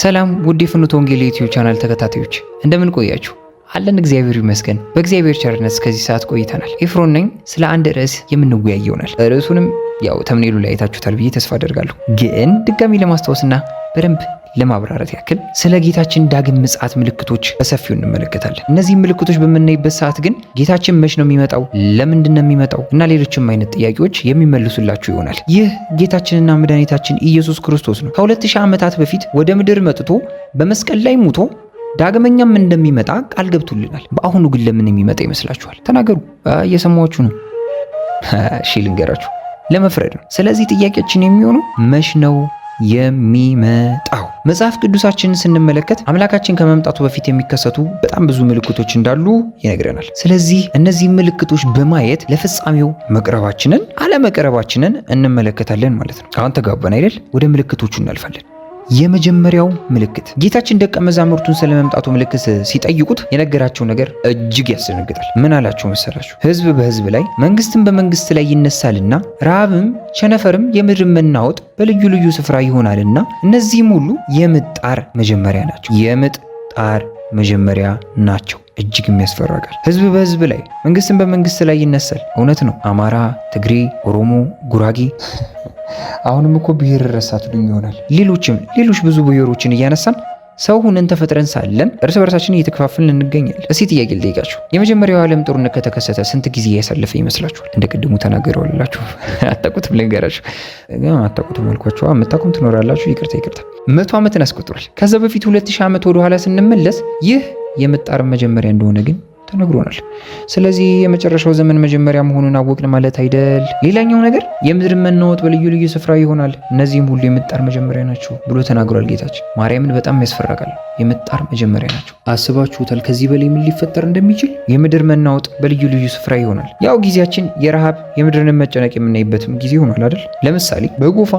ሰላም ውድ የፍኖተ ወንጌል ዩቲዩብ ቻናል ተከታታዮች እንደምን ቆያችሁ? አለን እግዚአብሔር ይመስገን። በእግዚአብሔር ቸርነት እስከዚህ ሰዓት ቆይተናል። ኤፍሮን ነኝ። ስለ አንድ ርዕስ የምንወያይ ይሆናል። ርዕሱንም ያው ተምኔሉ ላይ አይታችሁታል ብዬ ተስፋ አደርጋለሁ። ግን ድጋሚ ለማስታወስና በደንብ ለማብራራት ያክል ስለ ጌታችን ዳግም ምጽአት ምልክቶች በሰፊው እንመለከታለን። እነዚህ ምልክቶች በምናይበት ሰዓት ግን ጌታችን መች ነው የሚመጣው? ለምንድን ነው የሚመጣው? እና ሌሎችም አይነት ጥያቄዎች የሚመልሱላችሁ ይሆናል። ይህ ጌታችንና መድኃኒታችን ኢየሱስ ክርስቶስ ነው። ከ2000 ዓመታት በፊት ወደ ምድር መጥቶ በመስቀል ላይ ሙቶ ዳግመኛም እንደሚመጣ ቃል ገብቶልናል። በአሁኑ ግን ለምን የሚመጣ ይመስላችኋል? ተናገሩ። እየሰማችሁ ነው። እሺ ልንገራችሁ፣ ለመፍረድ ነው። ስለዚህ ጥያቄያችን የሚሆኑ መች ነው የሚመጣው። መጽሐፍ ቅዱሳችንን ስንመለከት አምላካችን ከመምጣቱ በፊት የሚከሰቱ በጣም ብዙ ምልክቶች እንዳሉ ይነግረናል። ስለዚህ እነዚህ ምልክቶች በማየት ለፍጻሜው መቅረባችንን አለመቅረባችንን እንመለከታለን ማለት ነው። አሁን ተጋባን አይደል? ወደ ምልክቶቹ እናልፋለን። የመጀመሪያው ምልክት ጌታችን ደቀ መዛሙርቱን ስለ መምጣቱ ምልክት ሲጠይቁት የነገራቸው ነገር እጅግ ያስደነግጣል። ምን አላቸው መሰላችሁ? ህዝብ በህዝብ ላይ መንግስትም በመንግስት ላይ ይነሳልና፣ ረሃብም ቸነፈርም የምድር መናወጥ በልዩ ልዩ ስፍራ ይሆናልና እነዚህም ሁሉ የምጥ ጣር መጀመሪያ ናቸው። የምጥ ጣር መጀመሪያ ናቸው። እጅግ የሚያስፈራጋል። ህዝብ በህዝብ ላይ መንግስትን በመንግስት ላይ ይነሳል። እውነት ነው። አማራ፣ ትግሬ፣ ኦሮሞ፣ ጉራጌ አሁንም እኮ ብሔር ረሳት ይሆናል። ሌሎችም ሌሎች ብዙ ብሔሮችን እያነሳን ሰው ሁነን ተፈጥረን ሳለን እርስ በርሳችን እየተከፋፈልን እንገኛለን። እስቲ ጥያቄ ልጠይቃችሁ። የመጀመሪያው ዓለም ጦርነት ከተከሰተ ስንት ጊዜ ያሳለፈ ይመስላችኋል? እንደ ቅድሙ ተናገሩ አላችሁ። አታውቁትም፣ ልንገራችሁ። አታውቁትም አልኳችሁ። የምታውቁም ትኖራላችሁ። ይቅርታ ይቅርታ። መቶ ዓመትን አስቆጥሯል። ከዛ በፊት ሁለት ሺህ ዓመት ወደኋላ ስንመለስ ይህ የምጣር መጀመሪያ እንደሆነ ግን ተነግሮናል። ስለዚህ የመጨረሻው ዘመን መጀመሪያ መሆኑን አወቅን ማለት አይደል። ሌላኛው ነገር የምድር መናወጥ በልዩ ልዩ ስፍራ ይሆናል፣ እነዚህም ሁሉ የምጣር መጀመሪያ ናቸው ብሎ ተናግሯል ጌታችን። ማርያምን በጣም ያስፈራቃል። የምጣር መጀመሪያ ናቸው። አስባችሁታል? ከዚህ በላይ ምን ሊፈጠር እንደሚችል። የምድር መናወጥ በልዩ ልዩ ስፍራ ይሆናል። ያው ጊዜያችን የረሃብ የምድርን መጨነቅ የምናይበትም ጊዜ ይሆናል አይደል? ለምሳሌ በጎፋ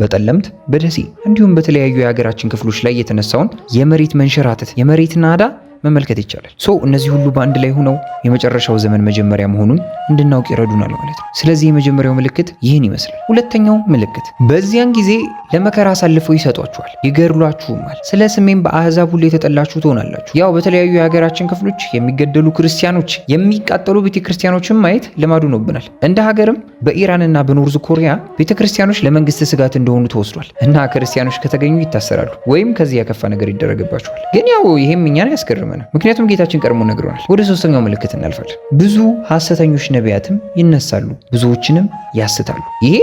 በጠለምት በደሴ እንዲሁም በተለያዩ የሀገራችን ክፍሎች ላይ የተነሳውን የመሬት መንሸራተት የመሬት ናዳ መመልከት ይቻላል። ሶ እነዚህ ሁሉ በአንድ ላይ ሆነው የመጨረሻው ዘመን መጀመሪያ መሆኑን እንድናውቅ ይረዱናል ማለት ነው። ስለዚህ የመጀመሪያው ምልክት ይህን ይመስላል። ሁለተኛው ምልክት በዚያን ጊዜ ለመከራ አሳልፈው ይሰጧችኋል፣ ይገድሏችሁማል። ስለ ስሜም በአህዛብ ሁሉ የተጠላችሁ ትሆናላችሁ። ያው በተለያዩ የሀገራችን ክፍሎች የሚገደሉ ክርስቲያኖች፣ የሚቃጠሉ ቤተክርስቲያኖችን ማየት ልማድ ሆኖብናል። እንደ ሀገርም በኢራንና በኖርዝ ኮሪያ ቤተክርስቲያኖች ለመንግስት ስጋት እንደሆኑ ተወስዷል እና ክርስቲያኖች ከተገኙ ይታሰራሉ ወይም ከዚህ ያከፋ ነገር ይደረግባቸዋል። ግን ያው ይሄም እኛን ያስገርማል። አይታመንም። ምክንያቱም ጌታችን ቀድሞ ነግሮናል። ወደ ሶስተኛው ምልክት እናልፋለን። ብዙ ሐሰተኞች ነቢያትም ይነሳሉ፣ ብዙዎችንም ያስታሉ። ይሄ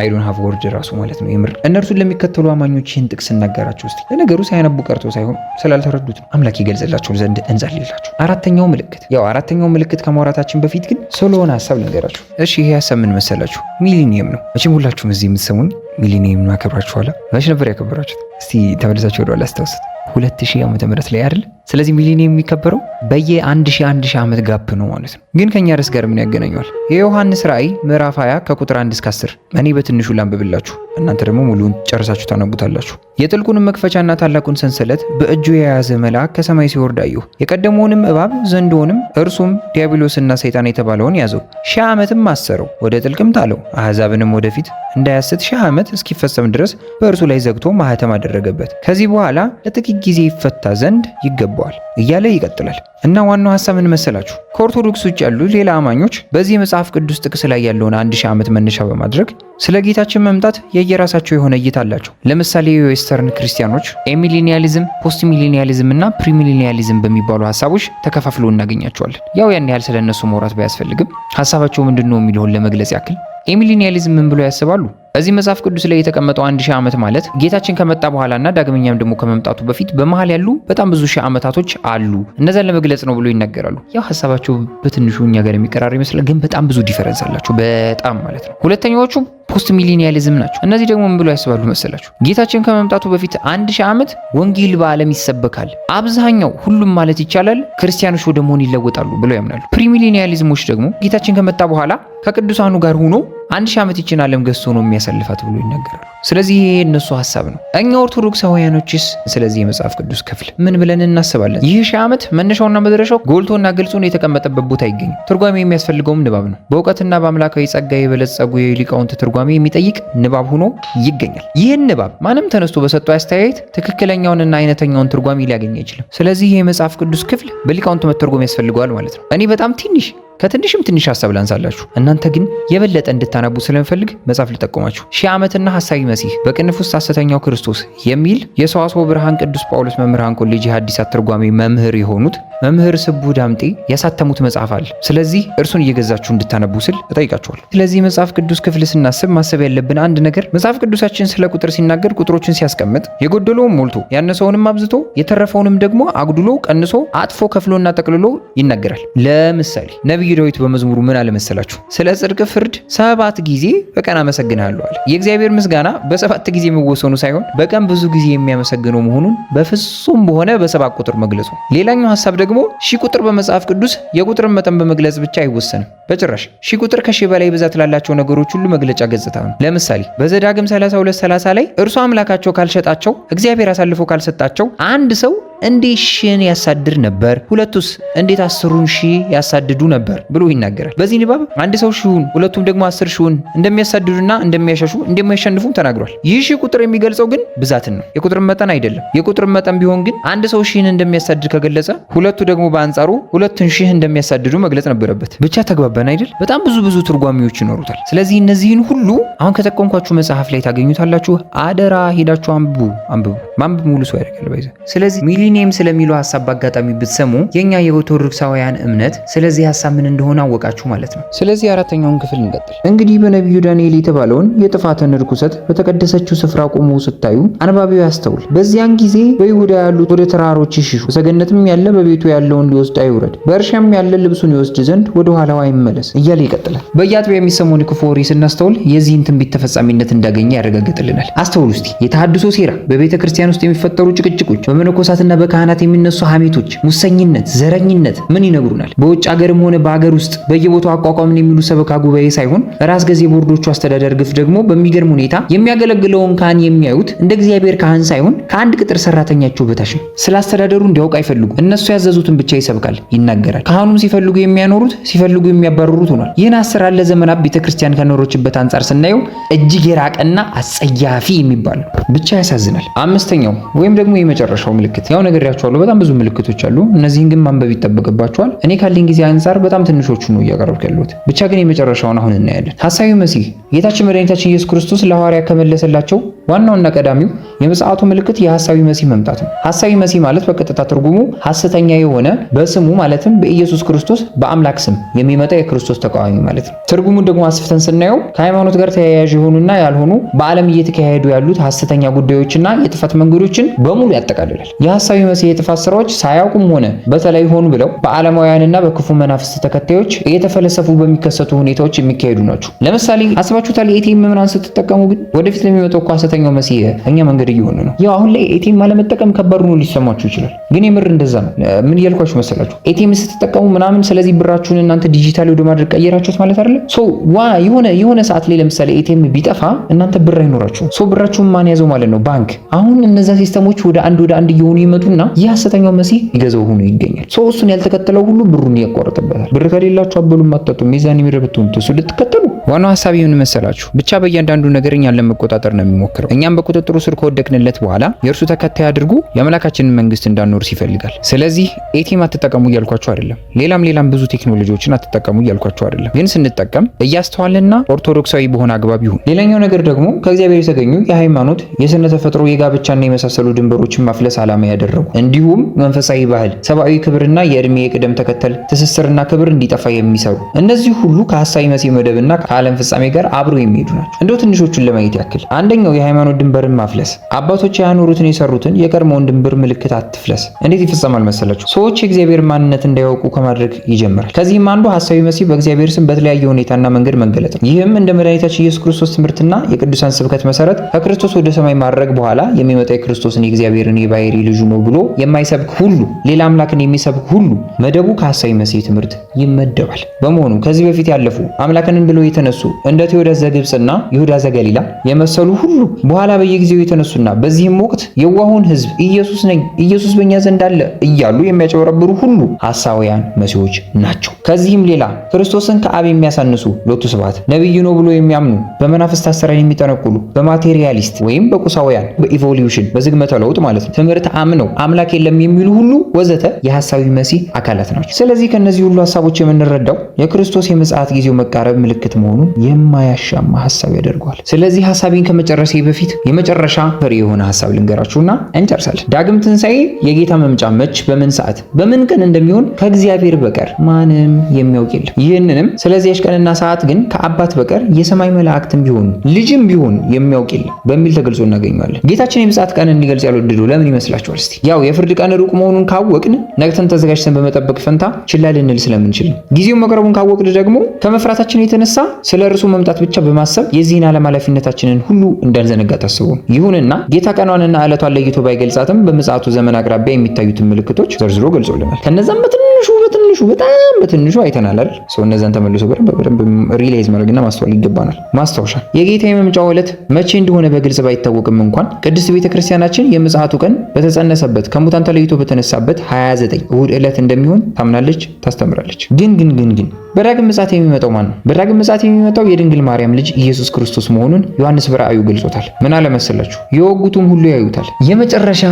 አይዶን ሀቭ ወርድ ራሱ ማለት ነው። የምር እነርሱን ለሚከተሉ አማኞች ይህን ጥቅስ እናገራቸው ውስጥ ለነገሩ ሳያነቡ ቀርቶ ሳይሆን ስላልተረዱት ነው። አምላክ ይገልጽላቸው ዘንድ እንጸልይላቸው። አራተኛው ምልክት ያው አራተኛው ምልክት ከማውራታችን በፊት ግን ስለሆነ ሀሳብ ልንገራችሁ። እሺ ይሄ ሀሳብ ምን መሰላችሁ? ሚሊኒየም ነው። መቼም ሁላችሁም እዚህ የምትሰሙኝ ሚሊኒየም ነው። አከብራችኋላ። መች ነበር ያከብራችሁት? እስቲ ተመልሳችሁ ወደኋላ አስታውሱት። ሁለት ሺህ ዓመተ ምህረት ላይ አይደል ስለዚህ ሚሊኒየም የሚከበረው በየ 1000 ዓመት ጋፕ ነው ማለት ነው። ግን ከኛ ርዕስ ጋር ምን ያገናኘዋል? የዮሐንስ ራእይ ምዕራፍ 20 ከቁጥር 1 እስከ 10 እኔ በትንሹ ላንብብላችሁ፣ እናንተ ደግሞ ሙሉውን ጨርሳችሁ ታነቡታላችሁ። የጥልቁንም መክፈቻና ታላቁን ሰንሰለት በእጁ የያዘ መልአክ ከሰማይ ሲወርድ አየሁ። የቀደመውንም እባብ ዘንዶውንም እርሱም ዲያብሎስና ሰይጣን የተባለውን ያዘው፣ ሺህ ዓመትም አሰረው፣ ወደ ጥልቅም ጣለው። አሕዛብንም ወደፊት እንዳያስት ሺህ ዓመት እስኪፈጸም ድረስ በእርሱ ላይ ዘግቶ ማህተም አደረገበት። ከዚህ በኋላ ለጥቂት ጊዜ ይፈታ ዘንድ ይገባል ይገባዋል እያለ ይቀጥላል። እና ዋናው ሀሳብ ምን መሰላችሁ? ከኦርቶዶክስ ውጭ ያሉ ሌላ አማኞች በዚህ መጽሐፍ ቅዱስ ጥቅስ ላይ ያለውን አንድ ሺህ ዓመት መነሻ በማድረግ ስለ ጌታችን መምጣት የየራሳቸው የሆነ እይታ አላቸው። ለምሳሌ የዌስተርን ክርስቲያኖች ኤሚሊኒያሊዝም ፖስት ሚሊኒያሊዝም እና ፕሪሚሊኒያሊዝም በሚባሉ ሀሳቦች ተከፋፍሎ እናገኛቸዋለን። ያው ያን ያህል ስለነሱ መውራት ባያስፈልግም ሀሳባቸው ምንድን ነው የሚለውን ለመግለጽ ያክል የሚሊኒያሊዝም ምን ብሎ ያስባሉ? እዚህ መጽሐፍ ቅዱስ ላይ የተቀመጠው አንድ ሺህ ዓመት ማለት ጌታችን ከመጣ በኋላና ዳግመኛም ደግሞ ከመምጣቱ በፊት በመሃል ያሉ በጣም ብዙ ሺህ ዓመታቶች አሉ፣ እነዛን ለመግለጽ ነው ብሎ ይናገራሉ። ያው ሀሳባቸው በትንሹ እኛ ጋር የሚቀራር ይመስላል፣ ግን በጣም ብዙ ዲፈረንስ አላቸው። በጣም ማለት ነው። ሁለተኛዎቹ ፖስት ሚሊኒያሊዝም ናቸው። እነዚህ ደግሞ ምን ብሎ ያስባሉ መሰላችሁ? ጌታችን ከመምጣቱ በፊት አንድ ሺህ ዓመት ወንጌል በዓለም ይሰበካል፣ አብዛኛው ሁሉም ማለት ይቻላል ክርስቲያኖች ወደ መሆን ይለወጣሉ ብለው ያምናሉ። ፕሪሚሊኒያሊዝሞች ደግሞ ጌታችን ከመጣ በኋላ ከቅዱሳኑ ጋር ሆኖ አንድ ሺህ ዓመት ይችን ዓለም ገዝቶ ነው የሚያሳልፋት ብሎ ይናገራሉ። ስለዚህ ይሄ እነሱ ሀሳብ ነው። እኛ ኦርቶዶክሳውያኖችስ ስለዚህ የመጽሐፍ ቅዱስ ክፍል ምን ብለን እናስባለን? ይህ ሺህ ዓመት መነሻውና መድረሻው ጎልቶና ግልጹን የተቀመጠበት ቦታ አይገኝም። ትርጓሜ የሚያስፈልገውም ንባብ ነው። በእውቀትና በአምላካዊ ጸጋ የበለጸጉ የሊቃውንት ትርጓሜ የሚጠይቅ ንባብ ሆኖ ይገኛል። ይህን ንባብ ማንም ተነስቶ በሰጠው አስተያየት ትክክለኛውንና አይነተኛውን ትርጓሜ ሊያገኝ አይችልም። ስለዚህ ይህ የመጽሐፍ ቅዱስ ክፍል በሊቃውንት መተርጎም ያስፈልገዋል ማለት ነው። እኔ በጣም ትንሽ ከትንሽም ትንሽ ሀሳብ ላንሳላችሁ። እናንተ ግን የበለጠ እንድታነቡ ስለምፈልግ መጽሐፍ ልጠቁማችሁ። ሺህ ዓመትና ሐሳዊ መሲህ በቅንፍ ውስጥ ሐሰተኛው ክርስቶስ የሚል የሰዋስወ ብርሃን ቅዱስ ጳውሎስ መምህራን ኮሌጅ የሐዲሳት ትርጓሜ መምህር የሆኑት መምህር ስቡ ዳምጤ ያሳተሙት መጽሐፍ አለ። ስለዚህ እርሱን እየገዛችሁ እንድታነቡ ስል እጠይቃችኋል። ስለዚህ መጽሐፍ ቅዱስ ክፍል ስናስብ ማሰብ ያለብን አንድ ነገር መጽሐፍ ቅዱሳችን ስለ ቁጥር ሲናገር ቁጥሮችን ሲያስቀምጥ የጎደለውን ሞልቶ ያነሰውንም አብዝቶ የተረፈውንም ደግሞ አጉድሎ ቀንሶ አጥፎ ከፍሎና ጠቅልሎ ይናገራል። ለምሳሌ ነቢዩ ነቢዩ ዳዊት በመዝሙሩ ምን አለመሰላችሁ? ስለ ጽድቅ ፍርድ ሰባት ጊዜ በቀን አመሰግንሃለሁ አለ። የእግዚአብሔር ምስጋና በሰባት ጊዜ የሚወሰኑ ሳይሆን በቀን ብዙ ጊዜ የሚያመሰግነው መሆኑን በፍጹም በሆነ በሰባት ቁጥር መግለጹ። ሌላኛው ሀሳብ ደግሞ ሺህ ቁጥር በመጽሐፍ ቅዱስ የቁጥርን መጠን በመግለጽ ብቻ አይወሰንም። በጭራሽ ሺህ ቁጥር ከሺህ በላይ ብዛት ላላቸው ነገሮች ሁሉ መግለጫ ገጽታ ነው። ለምሳሌ በዘዳግም 32፥30 ላይ እርሱ አምላካቸው ካልሸጣቸው እግዚአብሔር አሳልፎ ካልሰጣቸው አንድ ሰው እንዴት ሺህን ያሳድር ነበር? ሁለቱስ እንዴት አስሩን ሺህ ያሳድዱ ነበር? ነበር ብሎ ይናገራል። በዚህ ንባብ አንድ ሰው ሺሁን ሁለቱም ደግሞ አስር ሺሁን እንደሚያሳድዱና እንደሚያሸሹ እንደሚያሸንፉም ተናግሯል። ይህ ሺህ ቁጥር የሚገልጸው ግን ብዛትን ነው፣ የቁጥር መጠን አይደለም። የቁጥር መጠን ቢሆን ግን አንድ ሰው ሺህን እንደሚያሳድድ ከገለጸ ሁለቱ ደግሞ በአንጻሩ ሁለቱን ሺህ እንደሚያሳድዱ መግለጽ ነበረበት። ብቻ ተግባባን አይደል? በጣም ብዙ ብዙ ትርጓሚዎች ይኖሩታል። ስለዚህ እነዚህን ሁሉ አሁን ከጠቀምኳችሁ መጽሐፍ ላይ ታገኙታላችሁ። አደራ ሄዳችሁ አንብቡ አንብቡ። ማንብብ ሙሉ ሰው ያደርጋል። ባይዘ ስለዚህ ሚሊኒየም ስለሚለው ሀሳብ በአጋጣሚ ብትሰሙ የእኛ የኦርቶዶክሳውያን እምነት ስለዚህ ሀሳብ ምን እንደሆነ አወቃችሁ ማለት ነው። ስለዚህ አራተኛውን ክፍል እንቀጥል። እንግዲህ በነቢዩ ዳንኤል የተባለውን የጥፋትን ርኩሰት በተቀደሰችው ስፍራ ቆሞ ስታዩ አንባቢው ያስተውል። በዚያን ጊዜ በይሁዳ ያሉት ወደ ተራሮች ይሽሹ፣ በሰገነትም ያለ በቤቱ ያለውን ሊወስድ አይውረድ፣ በእርሻም ያለ ልብሱን ይወስድ ዘንድ ወደ ኋላው አይመለስ እያለ ይቀጥላል። በየአጥቢያ የሚሰሙን ክፉ ወሬ ስናስተውል የዚህን ትንቢት ተፈጻሚነት እንዳገኘ ያረጋግጥልናል። አስተውል ውስጥ የተሃድሶ ሴራ፣ በቤተ ክርስቲያን ውስጥ የሚፈጠሩ ጭቅጭቆች፣ በመነኮሳትና በካህናት የሚነሱ ሐሜቶች፣ ሙሰኝነት፣ ዘረኝነት ምን ይነግሩናል? በውጭ ሀገርም ሆነ በሀገር ውስጥ በየቦታው አቋቋምን የሚሉ ሰበካ ጉባኤ ሳይሆን ራስ ገዝ የቦርዶቹ አስተዳደር ግፍ ደግሞ በሚገርም ሁኔታ የሚያገለግለውን ካህን የሚያዩት እንደ እግዚአብሔር ካህን ሳይሆን ከአንድ ቅጥር ሰራተኛቸው በታች ነው። ስለ አስተዳደሩ እንዲያውቅ አይፈልጉ። እነሱ ያዘዙትን ብቻ ይሰብካል፣ ይናገራል። ካህኑም ሲፈልጉ የሚያኖሩት ሲፈልጉ የሚያባርሩት ሆኗል። ይህን አሰራር ለዘመናት ቤተክርስቲያን ከኖሮችበት አንጻር ስናየው እጅግ የራቀና አጸያፊ የሚባል ብቻ ያሳዝናል። አምስተኛው ወይም ደግሞ የመጨረሻው ምልክት ያው ነግሬያችኋለሁ። በጣም ብዙ ምልክቶች አሉ። እነዚህን ግን ማንበብ ይጠበቅባቸዋል። እኔ ካለኝ ጊዜ አንጻር በጣም በጣም ትንሾቹ ነው እያቀረብክ ያለሁት። ብቻ ግን የመጨረሻውን አሁን እናያለን። ሐሳዊ መሲህ ጌታችን መድኃኒታችን ኢየሱስ ክርስቶስ ለሐዋርያ ከመለሰላቸው ዋናውና ቀዳሚው የምጽአቱ ምልክት የሐሳዊ መሲህ መምጣት ነው። ሐሳዊ መሲህ ማለት በቀጥታ ትርጉሙ ሐሰተኛ የሆነ በስሙ ማለትም በኢየሱስ ክርስቶስ በአምላክ ስም የሚመጣ የክርስቶስ ተቃዋሚ ማለት ነው። ትርጉሙን ደግሞ አስፍተን ስናየው ከሃይማኖት ጋር ተያያዥ የሆኑና ያልሆኑ በዓለም እየተካሄዱ ያሉት ሐሰተኛ ጉዳዮችና የጥፋት መንገዶችን በሙሉ ያጠቃልላል። የሐሳዊ መሲህ የጥፋት ስራዎች ሳያውቁም ሆነ በተለይ ሆኑ ብለው በዓለማውያንና በክፉ መናፍስት ተከታዮች እየተፈለሰፉ በሚከሰቱ ሁኔታዎች የሚካሄዱ ናቸው። ለምሳሌ አስባችሁታል? ኤቲኤም መምህራን ስትጠቀሙ ግን ወደፊት ለሚመጣው ሐሰተኛው መሲህ እኛ መንገድ እየሆነ ነው። ያው አሁን ላይ ኤቲኤም አለመጠቀም ከባድ ነው ሊሰማችሁ ይችላል፣ ግን የምር እንደዛ ነው። ምን እያልኳችሁ መሰላችሁ? ኤቲኤም ስትጠቀሙ ምናምን፣ ስለዚህ ብራችሁን እናንተ ዲጂታል ወደ ማድረግ ቀየራችሁት ማለት አይደለም። ሶ ዋ የሆነ የሆነ ሰዓት ላይ ለምሳሌ ኤቲኤም ቢጠፋ እናንተ ብር አይኖራችሁም። ሶ ብራችሁን ማን ያዘው ማለት ነው? ባንክ። አሁን እነዛ ሲስተሞች ወደ አንድ ወደ አንድ እየሆኑ ይመጡና ይህ ሐሰተኛው መሲህ ይገዛው ሆኖ ይገኛል። ሶ እሱን ያልተከተለው ሁሉ ብሩን ያቋርጥበታል። ብር ከሌላችሁ አበሉም አታጡ ሚዛን የሚረብቱን ትሱ ልትከተሉ ዋናው ሀሳብ ይሁን መሰላችሁ ብቻ በእያንዳንዱ ነገር እኛን ለመቆጣጠር ነው የሚሞክረው። እኛም በቁጥጥሩ ስር ከወደቅንለት በኋላ የእርሱ ተከታይ አድርጉ የአምላካችንን መንግስት እንዳንወርስ ይፈልጋል። ስለዚህ ኤቲም አትጠቀሙ እያልኳቸው አይደለም። ሌላም ሌላም ብዙ ቴክኖሎጂዎችን አትጠቀሙ እያልኳቸው አይደለም። ግን ስንጠቀም እያስተዋልና ኦርቶዶክሳዊ በሆነ አግባብ ይሁን። ሌላኛው ነገር ደግሞ ከእግዚአብሔር የተገኙ የሃይማኖት፣ የስነ ተፈጥሮ፣ የጋብቻና የመሳሰሉ ድንበሮችን ማፍለስ ዓላማ ያደረጉ እንዲሁም መንፈሳዊ ባህል፣ ሰብአዊ ክብርና የእድሜ የቅደም ተከተል ትስስርና ክብር እንዲጠፋ የሚሰሩ እነዚህ ሁሉ ከሐሳዊ መሲህ መደብና ከዓለም ፍጻሜ ጋር አብረው የሚሄዱ ናቸው። እንደው ትንሾቹን ለማየት ያክል አንደኛው የሃይማኖት ድንበርን ማፍለስ። አባቶች ያኖሩትን የሰሩትን የቀድሞውን ድንበር ምልክት አትፍለስ። እንዴት ይፈጸማል መሰላችሁ? ሰዎች የእግዚአብሔር ማንነት እንዳያውቁ ከማድረግ ይጀምራል። ከዚህም አንዱ ሀሳቢ መሲህ በእግዚአብሔር ስም በተለያየ ሁኔታና መንገድ መገለጥ ነው። ይህም እንደ መድኃኒታችን ኢየሱስ ክርስቶስ ትምህርትና የቅዱሳን ስብከት መሰረት ከክርስቶስ ወደ ሰማይ ማድረግ በኋላ የሚመጣ የክርስቶስን የእግዚአብሔርን የባህሪ ልጁ ነው ብሎ የማይሰብክ ሁሉ ሌላ አምላክን የሚሰብክ ሁሉ መደቡ ከሐሳዊ መሲህ ትምህርት ይመደባል። በመሆኑ ከዚህ በፊት ያለፉ አምላክንን ብለው የተነሱ እንደ ቴዎዳስ ዘግብፅና ይሁዳ ዘገሊላ የመሰሉ ሁሉ በኋላ በየጊዜው የተነሱና በዚህም ወቅት የዋሁን ህዝብ ኢየሱስ ነኝ ኢየሱስ በእኛ ዘንድ አለ እያሉ የሚያጨበረብሩ ሁሉ ሐሳውያን መሲዎች ናቸው። ከዚህም ሌላ ክርስቶስን ከአብ የሚያሳንሱ ሎቱ ስብሐት ነቢይ ነው ብሎ የሚያምኑ በመናፍስት አሰራን የሚጠነቁሉ በማቴሪያሊስት ወይም በቁሳውያን በኢቮሉሽን በዝግመተ ለውጥ ማለት ነው ትምህርት አምነው አምላክ የለም የሚሉ ሁሉ ወዘተ የሐሳዊ መሲህ አካላት ናቸው። ስለዚህ ከነዚህ ሁሉ ሐሳቦች ሰዎች የምንረዳው የክርስቶስ የምጽአት ጊዜው መቃረብ ምልክት መሆኑን የማያሻማ ሀሳብ ያደርገዋል። ስለዚህ ሀሳቤን ከመጨረሴ በፊት የመጨረሻ ፍሬ የሆነ ሀሳብ ልንገራችሁና እንጨርሳለን። ዳግም ትንሣኤ የጌታ መምጫ መች፣ በምን ሰዓት፣ በምን ቀን እንደሚሆን ከእግዚአብሔር በቀር ማንም የሚያውቅ የለም። ይህንንም ስለዚያች ቀንና ሰዓት ግን ከአባት በቀር የሰማይ መላእክትም ቢሆኑ ልጅም ቢሆን የሚያውቅ የለም በሚል ተገልጾ እናገኘዋለን። ጌታችን የምጽአት ቀንን እንዲገልጽ ያልወደዱ ለምን ይመስላችኋል? እስቲ ያው የፍርድ ቀን ሩቅ መሆኑን ካወቅን ነግተን ተዘጋጅተን በመጠበቅ ፈንታ ችላ ልንል ስለምን ነው። ጊዜው መቅረቡን ካወቅን ደግሞ ከመፍራታችን የተነሳ ስለ እርሱ መምጣት ብቻ በማሰብ የዚህን ዓለም ኃላፊነታችንን ሁሉ እንዳንዘነጋ ታስቡ። ይሁንና ጌታ ቀኗንና ዕለቷን ለይቶ ባይገልጻትም በምጽአቱ ዘመን አቅራቢያ የሚታዩትን ምልክቶች ዘርዝሮ ገልጾልናል። ከነዛም በትንሹ በትንሹ በጣም በትንሹ አይተናል አይደል? ሰው እነዛን ተመልሶ በደንብ ሪላይዝ ማድረግና ማስተዋል ይገባናል። ማስታወሻ የጌታ የመምጫው ዕለት መቼ እንደሆነ በግልጽ ባይታወቅም እንኳን ቅድስት ቤተ ክርስቲያናችን የምጽአቱ ቀን በተጸነሰበት ከሙታን ተለይቶ በተነሳበት 29 እሁድ ዕለት እንደሚሆን ታምናለች፣ ታስተምራለች። ግን ግን ግን ግን በዳግም ምጽአት የሚመጣው ማን ነው? በዳግም ምጽአት የሚመጣው የድንግል ማርያም ልጅ ኢየሱስ ክርስቶስ መሆኑን ዮሐንስ በራእዩ ገልጾታል። ምን አለ መሰላችሁ? የወጉቱም ሁሉ ያዩታል። የመጨረሻ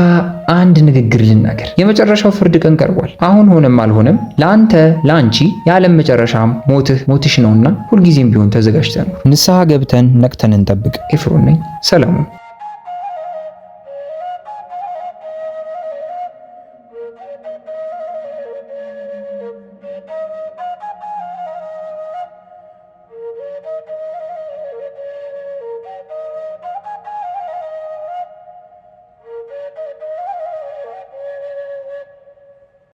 አንድ ንግግር ልናገር። የመጨረሻው ፍርድ ቀን ቀርቧል። አሁን ሆነም አልሆነም ለአንተ ለአንቺ የዓለም መጨረሻም ሞትህ ሞትሽ ነውና ሁልጊዜም ቢሆን ተዘጋጅተን ንስሐ ገብተን ነቅተን እንጠብቅ። ኤፍሮን ነኝ። ሰላሙን